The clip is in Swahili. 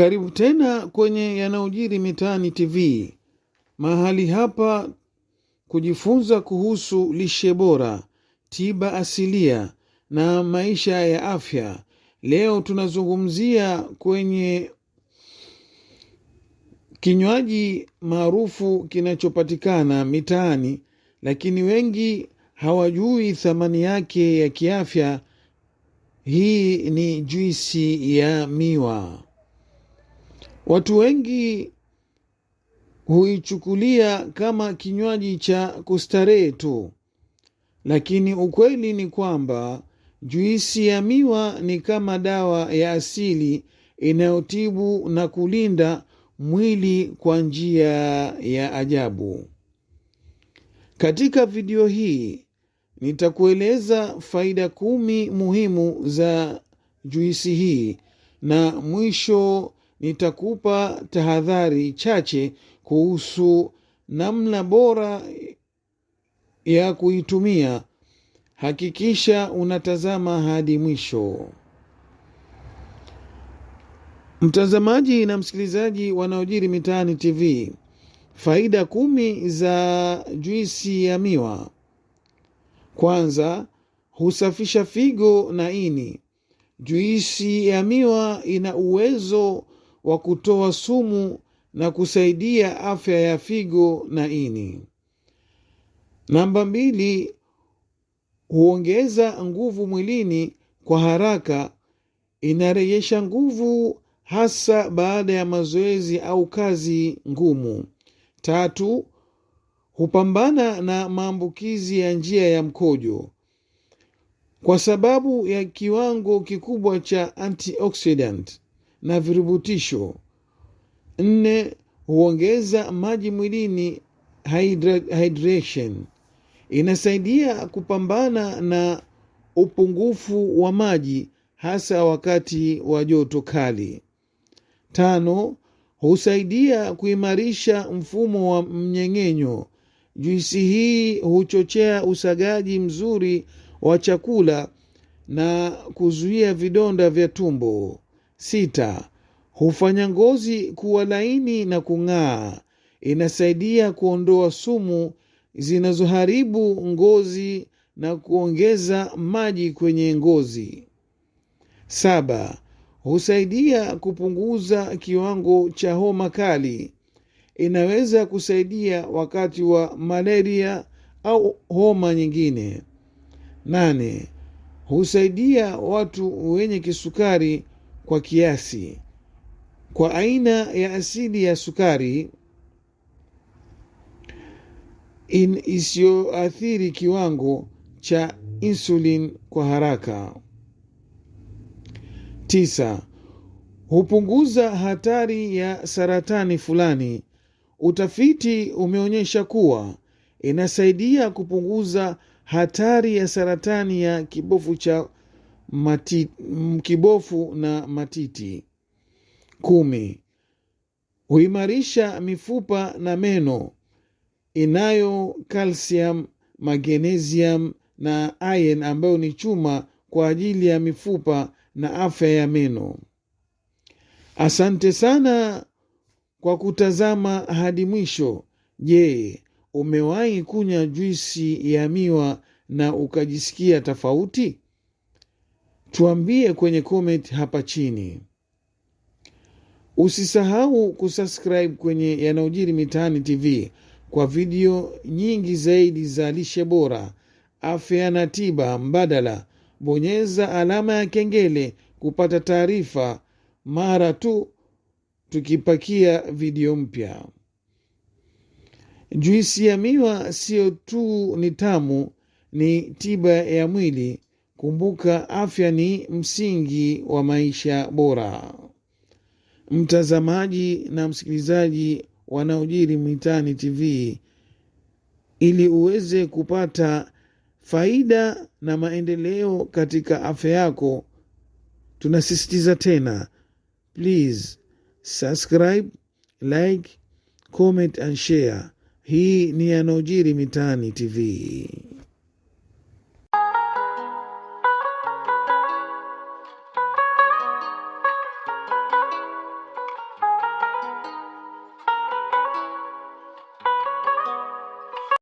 Karibu tena kwenye yanayojiri mitaani TV. Mahali hapa kujifunza kuhusu lishe bora, tiba asilia na maisha ya afya. Leo tunazungumzia kwenye kinywaji maarufu kinachopatikana mitaani, lakini wengi hawajui thamani yake ya kiafya. Hii ni juisi ya miwa. Watu wengi huichukulia kama kinywaji cha kustarehe tu, lakini ukweli ni kwamba juisi ya miwa ni kama dawa ya asili inayotibu na kulinda mwili kwa njia ya ajabu. Katika video hii nitakueleza faida kumi muhimu za juisi hii na mwisho nitakupa tahadhari chache kuhusu namna bora ya kuitumia. Hakikisha unatazama hadi mwisho. Mtazamaji na msikilizaji wanaojiri mitaani TV, faida kumi za juisi ya miwa. Kwanza, husafisha figo na ini. Juisi ya miwa ina uwezo wa kutoa sumu na kusaidia afya ya figo na ini. Namba mbili, huongeza nguvu mwilini kwa haraka. Inarejesha nguvu hasa baada ya mazoezi au kazi ngumu. Tatu, hupambana na maambukizi ya njia ya mkojo kwa sababu ya kiwango kikubwa cha antioxidant na virubutisho. Nne, huongeza maji mwilini hydration, inasaidia kupambana na upungufu wa maji hasa wakati wa joto kali. Tano, husaidia kuimarisha mfumo wa mmeng'enyo. Juisi hii huchochea usagaji mzuri wa chakula na kuzuia vidonda vya tumbo. Sita, hufanya ngozi kuwa laini na kung'aa. Inasaidia kuondoa sumu zinazoharibu ngozi na kuongeza maji kwenye ngozi. Saba, husaidia kupunguza kiwango cha homa kali. Inaweza kusaidia wakati wa malaria au homa nyingine. Nane, husaidia watu wenye kisukari kwa kiasi. Kwa aina ya asidi ya sukari isiyoathiri kiwango cha insulin kwa haraka. Tisa, hupunguza hatari ya saratani fulani. Utafiti umeonyesha kuwa inasaidia kupunguza hatari ya saratani ya kibofu cha matiti, kibofu na matiti. Kumi, huimarisha mifupa na meno. Inayo calcium, magnesium na iron ambayo ni chuma kwa ajili ya mifupa na afya ya meno. Asante sana kwa kutazama hadi mwisho. Je, umewahi kunywa juisi ya miwa na ukajisikia tofauti? Tuambie kwenye koment hapa chini. Usisahau kusubscribe kwenye Yanayojiri Mitaani TV kwa video nyingi zaidi za lishe bora, afya na tiba mbadala. Bonyeza alama ya kengele kupata taarifa mara tu tukipakia video mpya. Juisi ya miwa sio tu ni tamu, ni tiba ya mwili. Kumbuka afya ni msingi wa maisha bora. Mtazamaji na msikilizaji wanaojiri Mitaani TV, ili uweze kupata faida na maendeleo katika afya yako, tunasisitiza tena, please subscribe, like, comment and share. Hii ni yanayojiri Mitaani TV.